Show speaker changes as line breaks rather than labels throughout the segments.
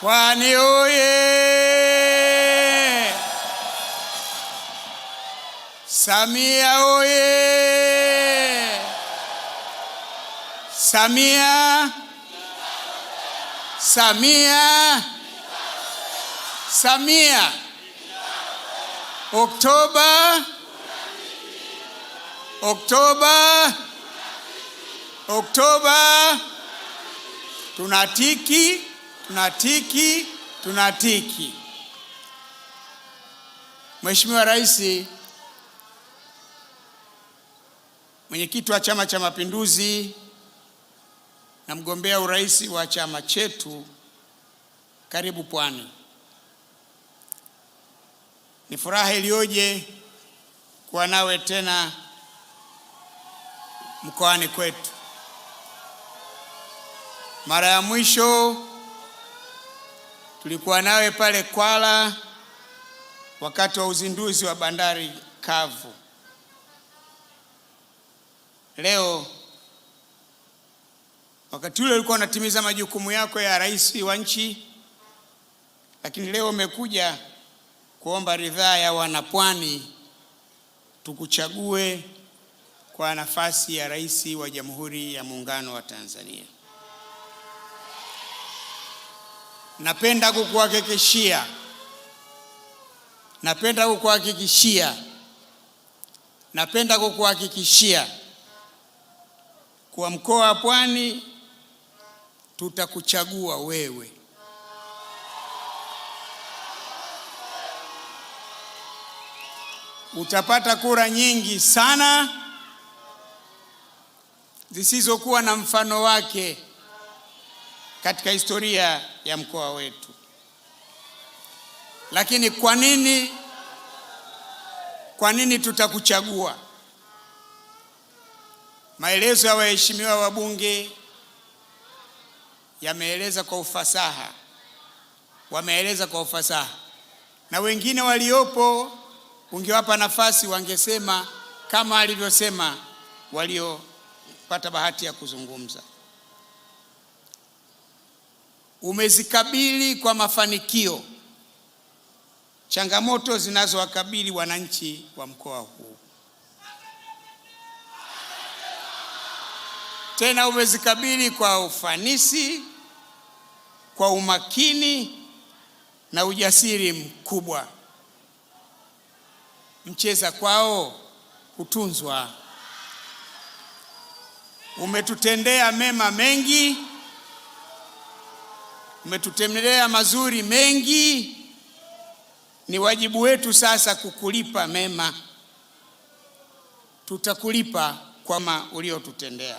Pwani oye! Samia oye! Samia, Samia, Samia! Oktoba, Oktoba, Oktoba tunatiki tunatiki tunatiki. Mheshimiwa Rais, mwenyekiti wa Chama cha Mapinduzi na mgombea urais wa chama chetu, karibu Pwani. Ni furaha iliyoje kuwa nawe tena mkoani kwetu. Mara ya mwisho tulikuwa nawe pale Kwala wakati wa uzinduzi wa bandari kavu. Leo wakati ule ulikuwa unatimiza majukumu yako ya rais wa nchi, lakini leo umekuja kuomba ridhaa ya wanapwani tukuchague kwa nafasi ya rais wa Jamhuri ya Muungano wa Tanzania. napenda kukuhakikishia, napenda kukuhakikishia, napenda kukuhakikishia kwa mkoa wa Pwani tutakuchagua wewe. Utapata kura nyingi sana zisizokuwa na mfano wake katika historia ya mkoa wetu. Lakini kwa nini, kwa nini tutakuchagua? Maelezo ya waheshimiwa wabunge yameeleza kwa ufasaha, wameeleza kwa ufasaha, na wengine waliopo ungewapa nafasi wangesema kama alivyosema waliopata bahati ya kuzungumza umezikabili kwa mafanikio changamoto zinazowakabili wananchi wa mkoa huu. Tena umezikabili kwa ufanisi, kwa umakini na ujasiri mkubwa. Mcheza kwao hutunzwa. Umetutendea mema mengi umetutembelea mazuri mengi, ni wajibu wetu sasa kukulipa mema. Tutakulipa kwa uliotutendea.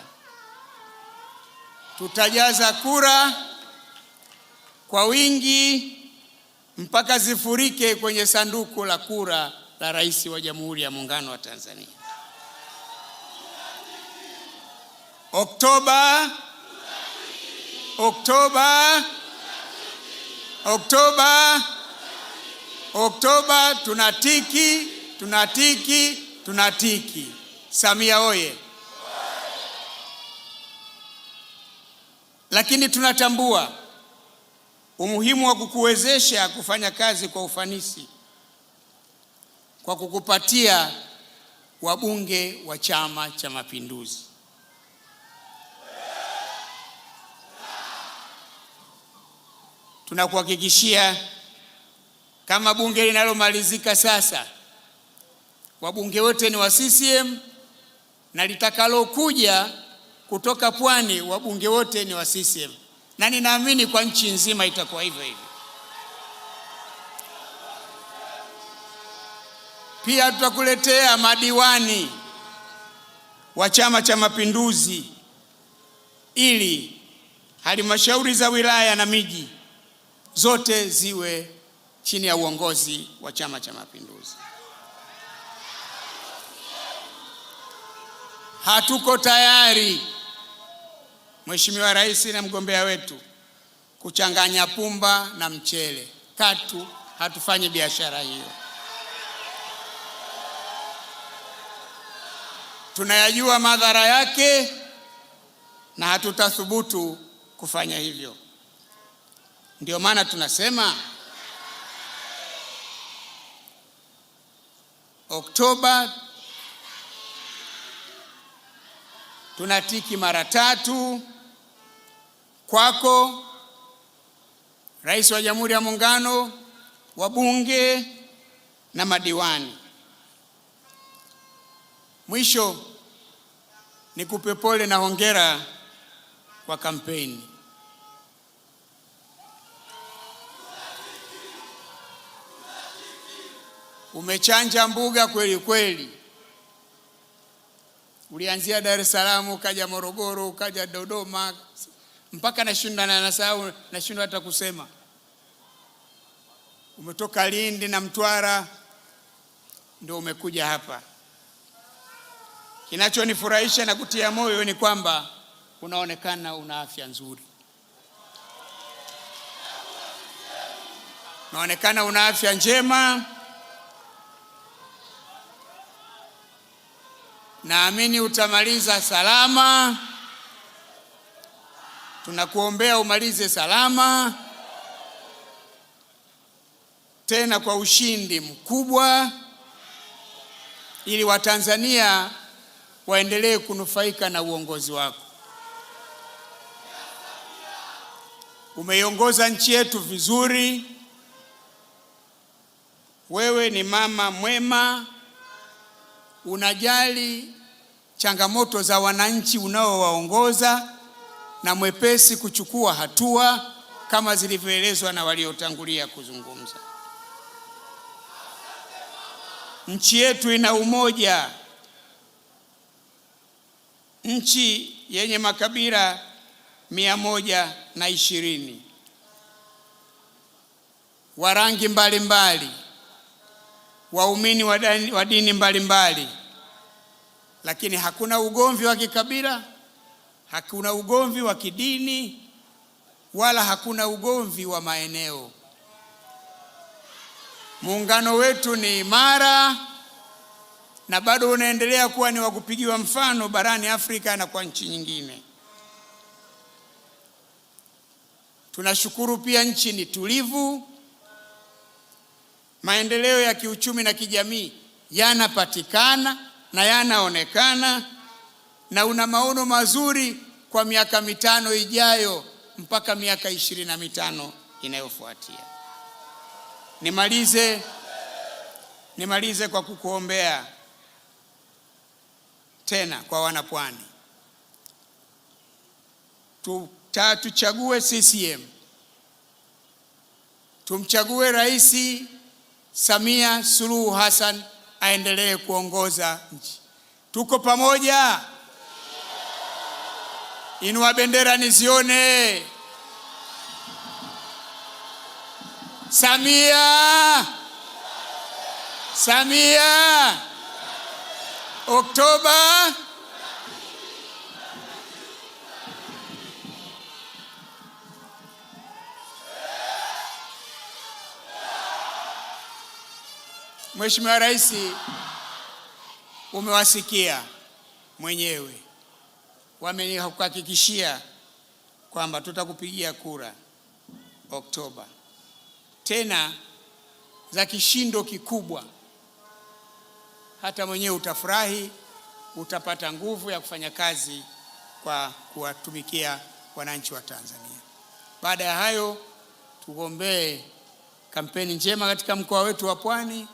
Tutajaza kura kwa wingi mpaka zifurike kwenye sanduku la kura la Rais wa Jamhuri ya Muungano wa Tanzania. Oktoba, Oktoba Oktoba, Oktoba tunatiki, tunatiki, tunatiki. Samia oye! Lakini tunatambua umuhimu wa kukuwezesha kufanya kazi kwa ufanisi kwa kukupatia wabunge wa Chama cha Mapinduzi. Tunakuhakikishia kama bunge linalomalizika sasa, wabunge wote ni wa CCM na litakalokuja kutoka Pwani, wabunge wote ni wa CCM na ninaamini kwa nchi nzima itakuwa hivyo hivyo. Pia tutakuletea madiwani wa Chama cha Mapinduzi ili halmashauri za wilaya na miji zote ziwe chini ya uongozi wa Chama cha Mapinduzi. Hatuko tayari Mheshimiwa Rais na mgombea wetu kuchanganya pumba na mchele. Katu hatufanyi biashara hiyo. Tunayajua madhara yake na hatutathubutu kufanya hivyo. Ndio maana tunasema Oktoba tunatiki mara tatu kwako, Rais wa Jamhuri ya Muungano, wabunge na madiwani. Mwisho nikupe pole na hongera kwa kampeni. umechanja mbuga kweli kweli. Ulianzia Dar es Salaam ukaja Morogoro ukaja Dodoma mpaka nashinda na nasahau, nashindwa hata kusema. Umetoka Lindi na Mtwara ndio umekuja hapa. Kinachonifurahisha na kutia moyo ni kwamba unaonekana una afya nzuri, unaonekana una afya njema. Naamini utamaliza salama, tunakuombea umalize salama, tena kwa ushindi mkubwa, ili Watanzania waendelee kunufaika na uongozi wako. Umeiongoza nchi yetu vizuri, wewe ni mama mwema unajali changamoto za wananchi unaowaongoza na mwepesi kuchukua hatua kama zilivyoelezwa na waliotangulia kuzungumza. Nchi yetu ina umoja. Nchi yenye makabila mia moja na ishirini wa rangi mbalimbali waumini wa dini mbalimbali, lakini hakuna ugomvi wa kikabila, hakuna ugomvi wa kidini, wala hakuna ugomvi wa maeneo. Muungano wetu ni imara na bado unaendelea kuwa ni wa kupigiwa mfano barani Afrika na kwa nchi nyingine. Tunashukuru pia nchi ni tulivu maendeleo ya kiuchumi na kijamii yanapatikana na yanaonekana, na una maono mazuri kwa miaka mitano ijayo mpaka miaka ishirini na mitano inayofuatia. Nimalize, nimalize kwa kukuombea tena kwa wanapwani, tuchague CCM, tumchague rais Samia Suluhu Hassan aendelee kuongoza nchi. Tuko pamoja, inua bendera nizione. Samia, Samia, Oktoba Mheshimiwa Rais, umewasikia mwenyewe, wamenihakikishia kwamba tutakupigia kura Oktoba, tena za kishindo kikubwa. Hata mwenyewe utafurahi, utapata nguvu ya kufanya kazi kwa kuwatumikia wananchi wa Tanzania. Baada ya hayo, tugombee kampeni njema katika mkoa wetu wa Pwani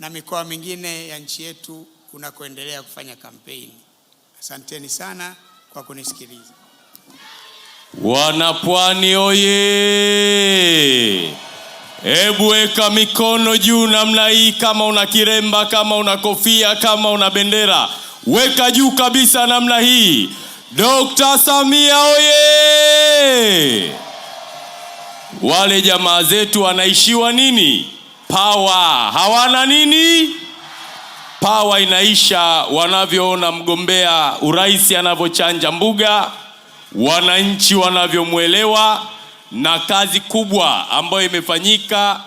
na mikoa mingine ya nchi yetu unakoendelea kufanya kampeni. Asanteni sana kwa kunisikiliza.
Wanapwani oye! Hebu weka mikono juu namna hii, kama una kiremba, kama una kofia, kama una bendera, weka juu kabisa namna hii. Dr. Samia oye! Wale jamaa zetu wanaishiwa nini? power. hawana nini? Pawa inaisha wanavyoona mgombea urais anavyochanja mbuga, wananchi wanavyomwelewa, na kazi kubwa ambayo imefanyika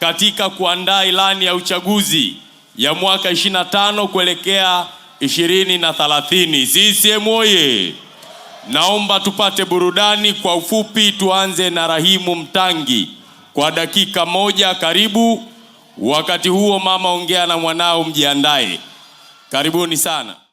katika kuandaa ilani ya uchaguzi ya mwaka 25 kuelekea thalathini CCM oye! Naomba tupate burudani kwa ufupi. Tuanze na Rahimu Mtangi kwa dakika moja. Karibu. Wakati huo mama ongea na mwanao, mjiandae. Karibuni sana.